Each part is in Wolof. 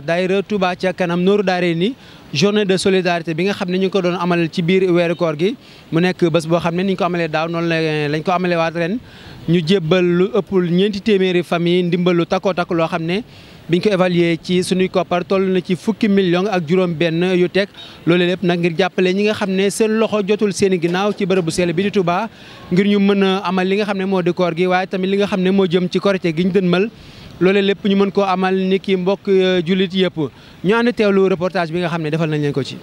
daayira Touba ca kanam nooru daare ni journée de solidarité bi nga xam ne ñu ngi ko doon amal ci biir weeru koor gi mu nekk bés boo xam ne ni ñu ko amalee daaw noonu la lañ ko amalee waat ren ñu jébbal lu ëppul ñeenti téeméeri fami ndimbalu takkoo takk loo xam ne biñ ko évaluer ci suñuy koppar toll na ci fukki million ak juróom benn yu teg loolu lépp nag ngir jàppale ñi nga xam ne seen loxo jotul seen i ginnaaw ci bërëbu sell bi di Touba ngir ñu mën a amal li nga xam ne moo di koor gi waaye tamit li nga xam ne moo jëm ci korité gi ñu dënmal loole lépp ñu mën koo amal ni ki mbokk euh, jullit yëpp ñoo ànd teewlu reportage bi nga xam ne defal nañ leen ko ci.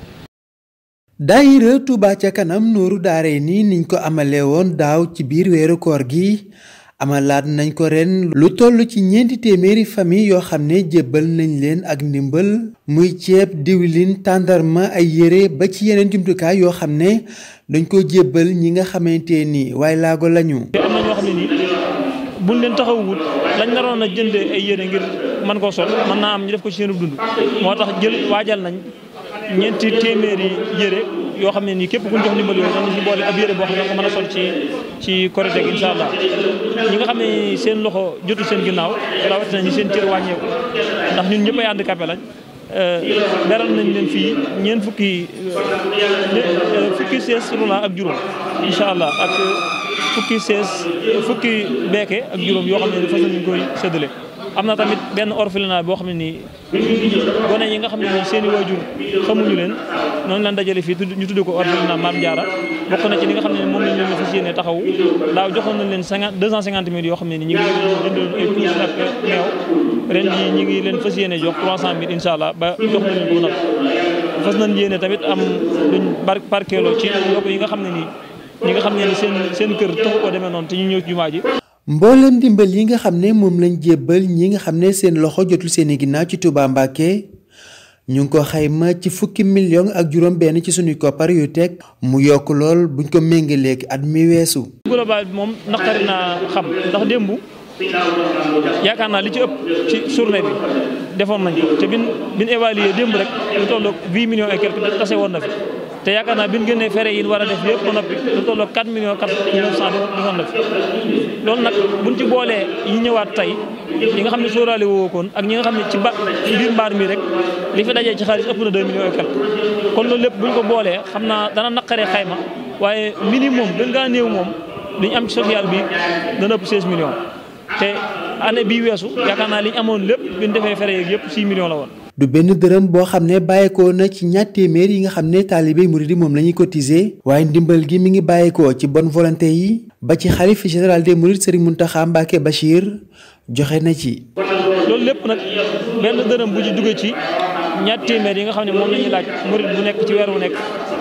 daayira Touba ca kanam nooru daare nii niñ ko amalee woon daaw ci biir weeru koor gi amalaat nañ ko ren lu toll ci ñeenti téeméeri famille yoo xam ne jébbal nañ leen ak ndimbal muy ceeb diwlin tàndarma ay yére ba ci yeneen jumtukaay yoo xam ne dañ ko jébbal ñi nga xamante ni waaye laago lañu. buñ leen taxawuwut lañ naroon a jëndee ay yére ngir man koo sol mën naa am ñu def ko ci seen dund moo tax jël waajal nañ ñeenti téeméeri yére yoo xam ne nii képp ku ñu ni ndimbal yooyu dañu si boole ab yére boo xam ne ko mën a sol ci ci korite gi allah ñi nga xam ne seen loxo jotu seen ginnaaw rawatina ñi seen cër wàññeeku ndax ñun ñëpp ay handicapé lañ euh, beral nañ leen fii ñeent fukki euh, fukki sees roulant ak juróom incha allah ak fukki sees fukki beeke ak juróom yoo xam ne fas nañu koy séddale am na tamit benn orphelinat boo xam ne nii gone yi nga xam ne nii seen i waajur xamuñu leen noonu lan dajale fii tudd ñu tudd ko orphelinat Maam Jaara bokk na ci li nga xam ne moom lañ leen fas yéene taxaw daaw joxoon nañ leen cinquante deux cent mille yoo xam ne nii ñu ngi ñu ngi leen fas yéene jox trois cent mille incha allah ba jox nañ leen ko nag fas nañ yéene tamit am duñ barkeeloo ci yi nga xam ne nii ñi nga xam ne seen kër taxu ko demee noonu te ñu ñëw ci jumaa ji. mboolem ndimbal yi nga xam ne moom lañ jébbal ñi nga xam ne seen loxo jotul seen i ginnaaw ci Touba Mbacké ñu ngi ko xayma ci fukki million ak juróom benn ci suñu koppar yu teg mu yokk lool buñ ko méngaleeg at mi weesu. global bi moom naqari naa xam ndax démb yaakaar naa li ci ëpp ci journée bi defoon nañ ko te bin bin évalué démb rek lu toll ak tase woon na fi. te yaakaar naa bi ñu génnee fere yi war a def yëpp ba noppi lu tolloo 4 millions loolu nag buñ ci boolee yi ñëwaat tey yi nga xam ne sóoraale woo koon ak ñi nga xam ne ci ba biir mbaar mi rek li fi dajee ci xaalis ëpp na 2 millions et kon loolu lépp buñ ko boolee xam naa dana naqaree xayma waaye minimum gën ngaa néew moom li ñu am ci social bi dana ëpp 16 millions te année bii weesu yaakaar naa li ñu amoon lépp bi ñu defee fere yeeg yëpp 6 woon du benn dërëm boo xam ne bàyyeekoo na ci ñaar téeméer yi nga xam ne taalibe muridi moom la ñuy cotiser waaye ndimbal gi mi ngi bàyyeekoo ci bon volonté yi ba ci xalif général des mourides Serigne Mountakha Mbacké Bachir joxe na ci. loolu lépp nag benn dërëm bu ci duggee ci ñaar téeméer yi nga xam ne moom la laaj murid bu nekk ci weer wu nekk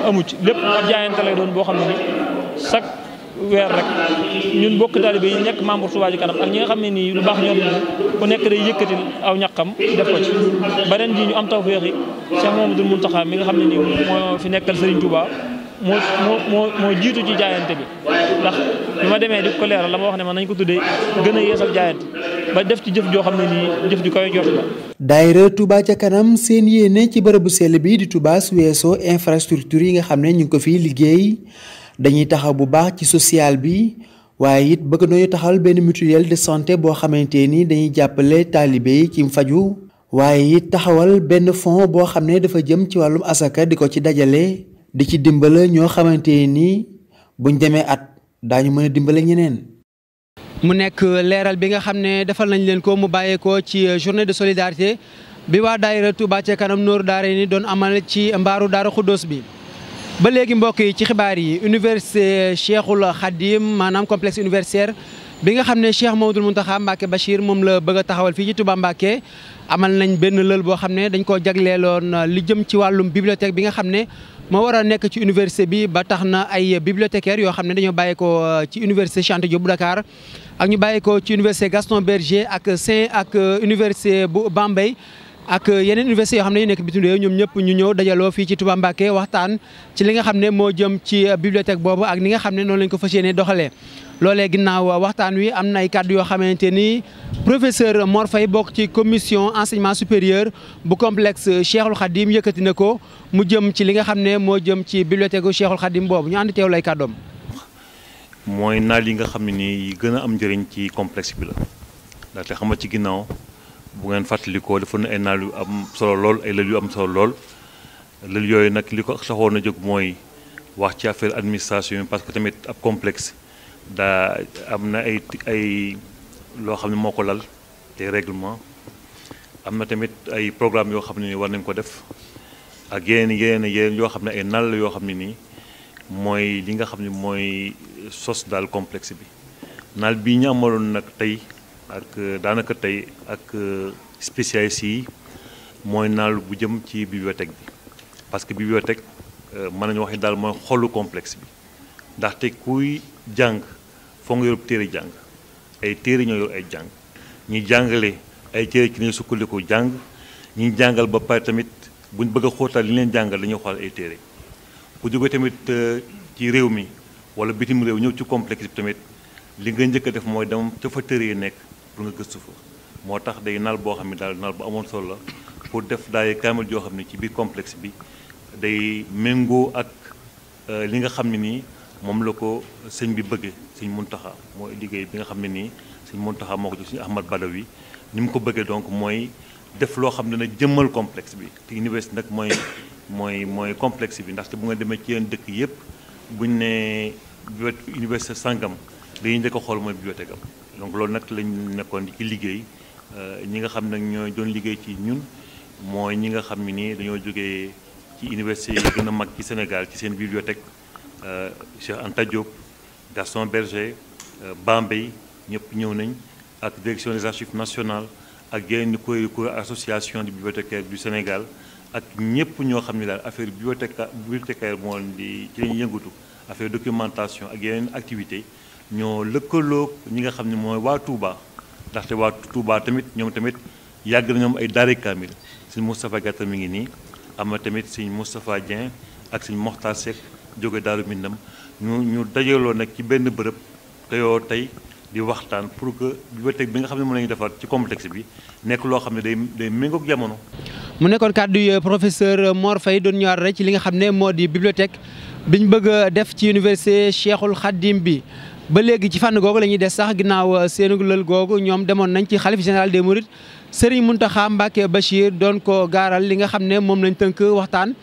amu ci lépp ab jaayante lay doon boo xam ne chaque weer rek ñun bokk taalibe yi nekk membre Touba Ca Kanam ak ñi nga xam ne nii lu baax ñoom ku nekk day yëkkati aw ñaqam def ko ci beneen ji ñu am tawfeex yi Cheikh Mamadou mi nga xam ne fi nekkal Serigne Touba moo moo moo moo jiitu ci bi ndax ma demee di ko leeral la ma wax ne man nañ ko tuddee gën a yeesal def ci jëf joo xam ne nii jëf ju koy jot la. daayira ca kanam seen yéene ci bërëbu sell bii di tubaa su weesoo infrastructure yi nga xam ne ñu ngi ko fiy liggéey. dañuy taxaw bu baax ci social bi waaye it bëgg nañu taxawal benn mutuelle de santé boo xamante nii dañuy jàppale taalibe yi ci faju waaye it taxawal benn fonds boo xam ne dafa jëm ci wàllum asaka di ko ci dajale di ci dimbala ñoo xamante ni buñ demee at daañu mën a dimbale ñeneen. mu nekk leeral bi nga xam ne defal nañ leen ko mu bàyyeekoo ci journée de solidarité bi waa daayira Touba ca kanam Noor Daara ni doon amal ci mbaaru Daara Xuddoos bi. ba léegi mbokk yi ci xibaar yi université Cheikhul Khadim maanaam complexe universitaire bi nga xam ne Cheikh Mamadou Mountakha Mbacké Bachir moom la bëgg a taxawal fii ci Touba Mbacké amal nañ benn lël boo xam ne dañ koo jagleeloon li jëm ci wàllum bibliothèque bi nga xam ne moo war a nekk ci université bi ba tax na ay bibliothécaires yoo xam ne dañoo bàyyeekoo ci université Cheikh Anta Diop bu Dakar ak ñu bàyyeekoo ci université Gaston Berger ak Saint ak université bu Bambey ak yeneen université yoo xam ne yu nekk bitim réew ñoom ñëpp ñu ñëw dajaloo fii ci Touba Mbacké waxtaan ci li nga xam ne moo jëm ci bibliothèque boobu ak ni nga xam ne noonu lañ ko fas yéene doxalee loolee ginnaaw waxtaan wi am na ay yoo xamante ni professeur Mor Faye bokk ci commission enseignement supérieur bu complexe Cheikhul Khadim yëkkati na ko mu jëm ci li nga xam ne moo jëm ci bibliothèque gu Cheikhul Khadim boobu ñu ànd teew lay kàddoom. mooy naal yi nga xam ne nii yi gën a am njëriñ ci complexe bi la ndaxte xam ci ginnaaw. bu ngeen fàttalikoo defoon na ay naal yu am solo lool ay lël yu am solo lool lël yooyu nag li ko taxoon a jóg mooy wax ci affaire administration parce que tamit ab complexe daa am na ay ay loo xam ne moo ko lal te règlements am na tamit ay programme yoo xam ne nii war nañ ko def ak yeneen yeneen yeneen yoo xam ne ay naal la yoo xam ne nii mooy li nga xam ne mooy sos daal complexe bi naal bii ñu amaloon nag tey ak danaka tay ak spécialiste yi moy nal bu jëm ci bibliothèque bi parce que bibliothèque euh, man nañu wax dal moy xolu complexe bi ndaxte kuy jang, fo nga yorub téré jang ay téré ñoy ay jang ñi jangalé ay téré ci ne sukkandiku jang ñi jangal ba pay tamit buñ bëgg a li leen jangal dañu xol ay téré bu jóge tamit euh, ci réew mi wala bitim réew ñew ci complexe bi tamit li nga ñëk def moy dem ci fa téré nekk pour nga gëstu fa moo tax day nal boo xam ne daal naal bu amoon solo la pour def daay kaamil joo xam ne ci biir complexe bi day méngoo ak euh, li nga xam ne nii moom la ko sëñ bi bëggee sëñ Muntaxa mooy liggéey bi nga xam ne nii sëñ Muntaxa moo ko jox sëñ Ahmad Badawi ni mu ko bëggee donc mooy def loo xam ne na jëmmal complexe bi te université nag mooy mooy mooy complexe bi ndaxte bu nga demee ci yenn dëkk yëpp buñ ne université sangam dañuy njëkk a xool mooy bibliothèque am donc loolu nag lañ nekkoon ci liggéey euh, ñi nga xam nag ñooy doon liggéey ci ñun mooy ñi nga xam ni dañoo ci université bibliothèque euh, Cheikh Anta Gaston Berger euh, Bambey nañ ak direction des archives nationales ak yeneen association des bibliothécaires du Sénégal ak ñëpp ñoo xam une affaire bibliothécaire di ci documentation ak yeneen activité ñoo lëkkaloog ñi nga xam ne mooy waa tuuba ndaxte waa Touba tamit ñoom tamit yàgg na ñoom ay daare kaamil sëñ Moustapha Gatta mi ngi nii am na tamit sëñ Moustapha Dieng ak sëñ Mokhtar Seck jóge Daaru ñu ñu dajaloo nag ci benn bërëb teyoo tey di waxtaan pour que bibliothèque bi nga xam ne mën nañu defar ci complexe bi nekk loo xam ne day day méngoog jamono. mu nekkoon kàddu yi professeur Mor Faye doon ñëwaat rek ci li nga xam ne moo di bibliothèque biñ bëgg a def ci université Cheikhul Khadim bi. ba léegi ci fànn googu la ñuy des sax ginnaaw euh, seenu lël googu ñoom demoon nañ ci xalif général des mourides Serigne Mountakha Mbacké Bachir doon ko gaaral li nga xam ne moom lañ tënk waxtaan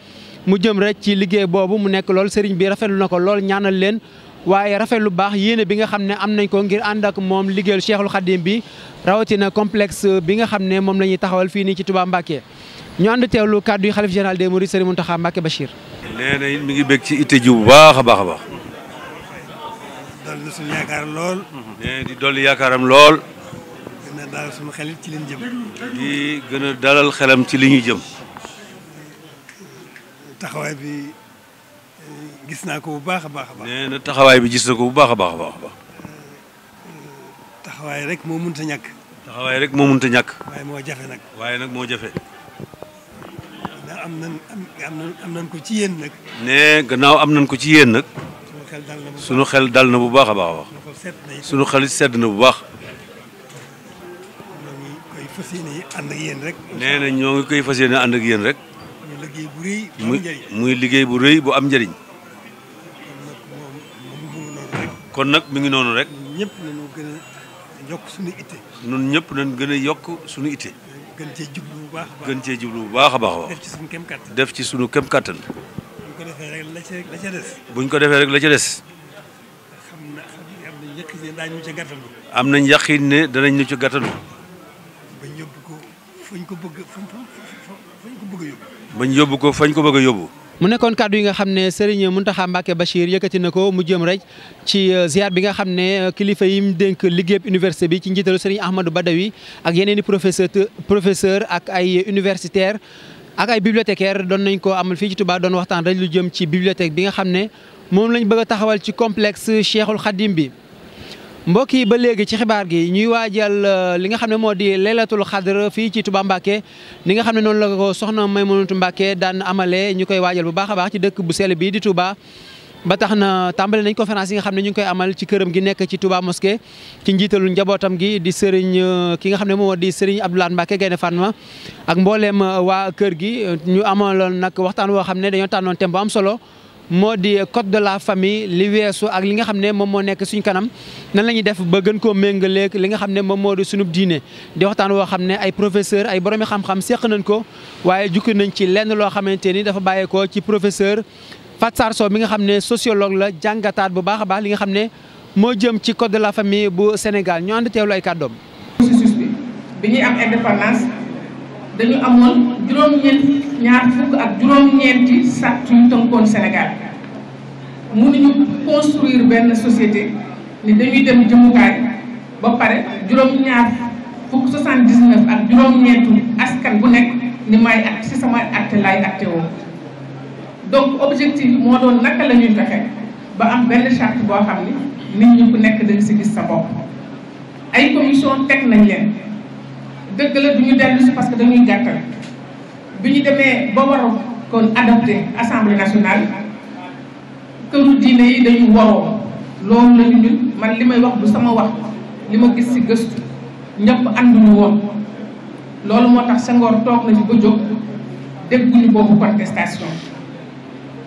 mu jëm rek ci liggéey boobu mu nekk lool Serigne bi rafetlu na ko lool ñaanal leen waaye rafet lu baax yéene bi nga xam ne am nañ ko ngir ànd ak moom liggéeyal Cheikhul Khadim bi rawatina complexe bi nga xam ne moom la ñuy taxawal fii nii ci Touba Mbacké ñu ànd teewlu kàddu yi xalif général des Mourides Serigne Mountakha Mbacké Bachir. ci itte ji bu baax a baax dolli na suñu lool. nee mmh. eh, di dolli yaakaaram lool. gën a dalal suñu di gën a dalal xelam ci li ñu jëm. taxawaay bi eh, gis naa ko bu baax a baax a baax. taxawaay bi gis na ko bu baax a baax a eh, taxawaay rek moo mënta ñàkk. taxawaay rek moo mënta ñàkk. waaye moo jafe nag. waaye nag moo jafe. am nan am nan ko ci yéen nag. nee gannaaw am nan ko ci yéen nag. sunu xel dal na bu baax a baax a baax sunu xel sedd na bu baax. nee na ñoo ngi koy fas yéene ànd ak yéen rek. muy muy liggéey bu rëy bu am njariñ kon nag mu ngi noonu rek. ñun ñëpp nañ gën a yokk suñu itte. gën cee jublu bu baax a baax gën cee jublu bu baax a baax. def ci suñu kem kàttan. def ci suñu kem kàttan. buñ ko defee rek la ci dess am nañ yaqin ne danañ ñu ci gàttalu. bañ yóbbu ko fañ ko bëgg bañ yobbu ko fañ ko bëgg a mu nekkon kaddu yi nga xamne Serigne muntaha mbake bashir yëkkati nako mu jëm rek ci euh, ziar bi nga xamne euh, kilifa yi mu dénk université bi ci njitalu Serigne Ahmadou Badawi ak yeneeni professeur professeur ak ay universitaire ak ay bibliothécaire doon nañ ko amul fii ci tubaa doon waxtaan rek lu jëm ci bibliothèque bi nga xam ne moom lañ bëgg taxawal ci complexe Cheikhul Khadim bi. mbokk yi ba léegi ci xibaar gi ñuy waajal euh, li nga xam ne moo di laylatul xadr fii ci Touba Mbacké ni nga xam ne noonu la ko soxna Maymunatu Mbacké daan amalee ñu koy waajal bu baax a baax ci dëkk bu sell bii di tubaa ba tax na tàmbali nañ conférence yi nga xam ne ñu ngi koy amal ci këram gi nekk ci Touba mosquée ci njiitalu njabootam gi di sëriñ euh, ki nga xam ne moom di sëriñ Abdoulaye Mbacke Gaynde Fatma ak mbooleem euh, waa kër gi ñu amaloon nag waxtaan woo xam ne dañoo tànnoon thème am solo moo di code de la famille li weesu li nga xam ne moom moo nekk suñu kanam nan la ñuy def ba gën koo méngaleeg li nga xam ne moom moo di sunub diine di waxtaan woo xam ne ay professeur ay boromi xam-xam seq nañ ko waaye jukki nañ ci lenn loo xamante ni dafa bàyyeekoo ci professeur Fat bi nga xam ne sociologue la jàngataat bu baax a baax li nga xam ne moo jëm ci code de la famille bu Sénégal ñu ànd teewlu ay kàddoom. processus bi bi ñuy am indépendance dañu amoon juróom-ñeent ñaar fukk ak juróom-ñeenti sàrt yu tënkoon Sénégal mënuñu construire benn société ni dañuy dem jëmukaay ba pare juróom-ñaar fukk 79 ak juróom-ñeentu askan bu nekk ni may ak si sama acte laay acte donc objectif moo doon naka la ñuy fexe ba am benn charte boo xam ni nit ñi ku nekk dañ si gis sa bopp ay commission teg nañ leen dëgg la du ñu dellu si parce que dañuy gàttal bi ñu demee ba war kon adopté assemblée nationale këru diine yi dañu waroo loolu lañu ñun man li may wax du sama wax li ma gis ci gëstu ñëpp ñu woon loolu moo tax Senghor toog nañu ba jóg ñu boobu contestation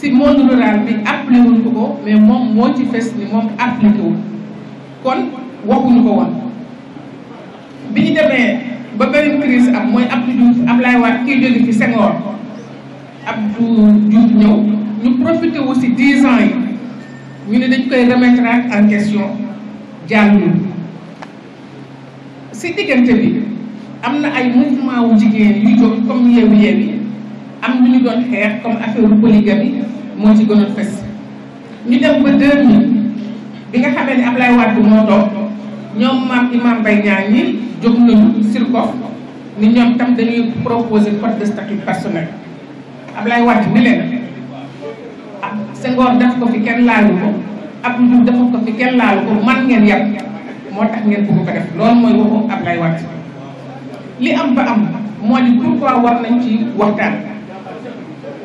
si monde rural bi appelé wuñ ko ko mais moom moo ci fes ni moom appliqué wul kon waxuñu ko woon bi ñu demee ba beneen crise am mooy Abdou Diouf Ablaye Wade kii jóge fi Senghor Abdou Diouf ñëw ñu profité wu si dix ans yi ñu ne dañ koy remettre en question jàllul si diggante bi am na ay mouvement wu jigéen yu jóg comme yeewu yeew yi am lu ñu doon xeex comme affaire polygamie moo ci gën a fës ñu dem ba 2000 bi nga xamee ne Ablaye Wade moo toog ñoom maam Imam Mbaye Niang ñi jóg nañu SIRCOP ni ñoom tam dañuy proposer code de statut personnel Ablaye Wade ni leen ah Senghor def ko fi kenn laalu ko Abdou Diouf def ko fi kenn laalu ko man ngeen yàpp moo tax ngeen mu ko def loolu mooy waxu Ablaye Wade li am ba am moo ni pourquoi war nañ ci waxtaan.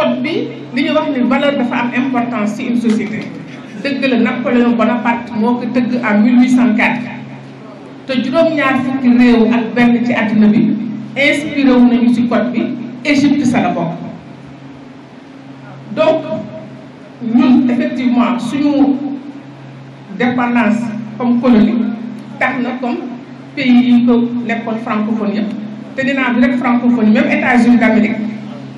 code bi li ñu wax ni valeur dafa am importance ci une société dëgg la Napoléon Bonaparte moo ko tëgg en 1804 te juróom-ñaar fukki réew ak benn ci àddina bi inspiré wu nañu ci code bi Égypte sa la bokk donc ñun effectivement suñu dépendance comme colonie tax na comme pays yi ko nekkoon francophone yëpp te dinaa du rek francophone même États-Unis d'Amérique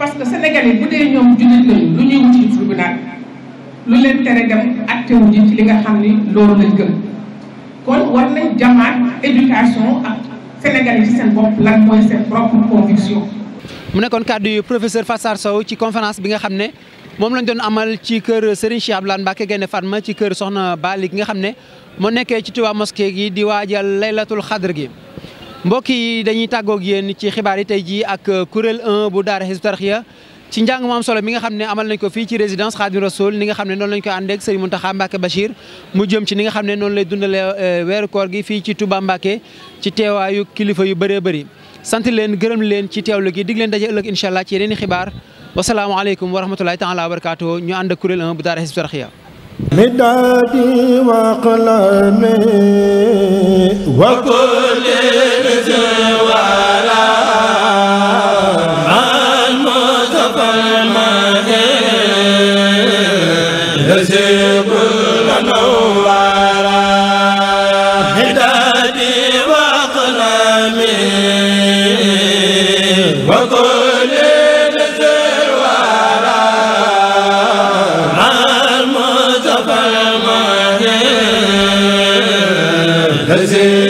parce que sénégalais bu dee ñoom jullit lu ñuy wuti ci lu leen tere dem attewu ji ci li nga xam ni loolu lañ gëm kon war nañ jamaat éducation ak sénégalais ci seen bopp lan mooy seen propre conviction. mu nekkoon kàddu yi professeur Fassar Sow ci conférence bi nga xam ne moom lañ doon amal ci kër Serigne Cheikh Abdoulaye Mbacké Gaïndé Fatma ci kër Soxna Bali gi nga xam ne moo nekkee ci Touba mosquée gi di waajal laylatul xadr gi. mbokki yi dañuy tàggoog yéen ci xibaari tay ji ak kurel 1 bu daara Hizbut Tarqiyyah ci njàng mu am solo mi nga xamne amal nañ ko fi ci résidence Khadim Rasoul ni nga xamne non lañ ko ande ak Serigne Mountakha mbake bashir mu jëm ci ni nga xamne non lay dundalee wër koor gi fi ci Touba mbake ci tewayu kilifa yu bëree bëri sant leen gërëm leen ci tewlu gi dig leen dajje ëlëk inshallah ci yeneen xibaar wa salaamu alaykum wa rahmatullahi taala wa barakatuh ñu ande kurel 1 bu daara Hizbut Tarqiyyah مدادي وقلمي وكل زوارا Lazim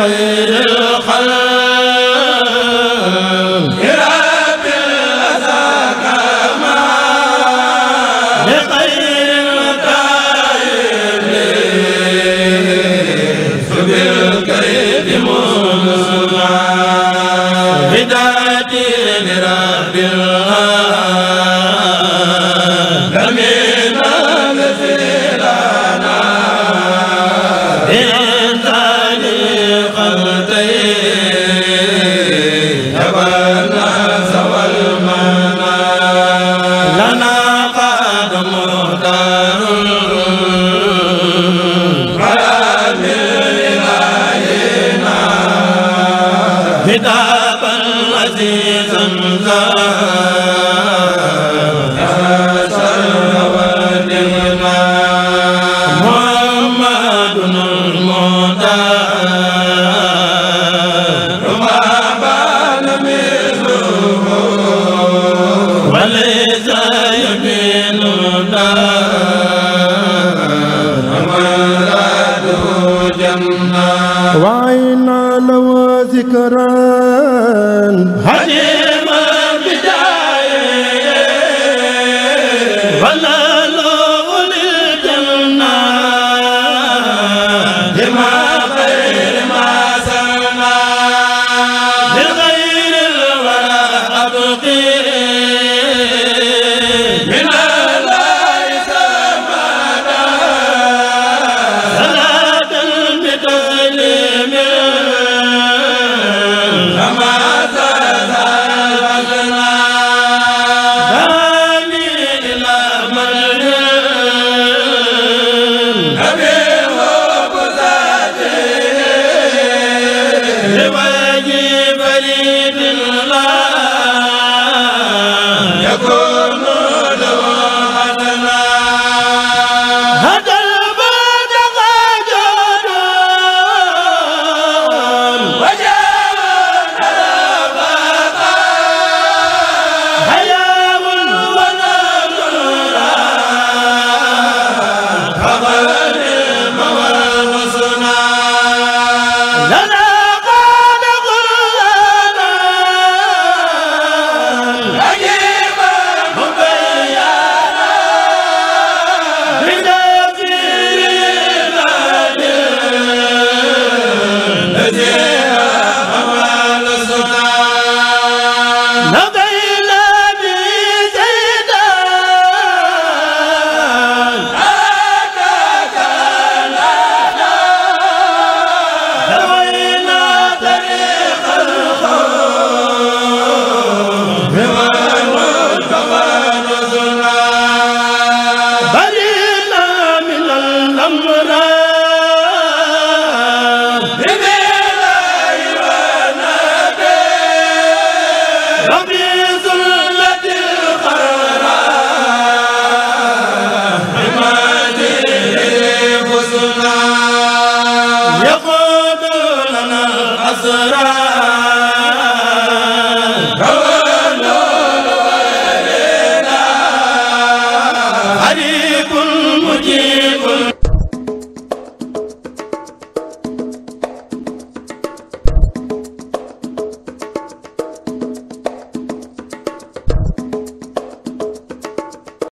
خير خطابا عزيزا لا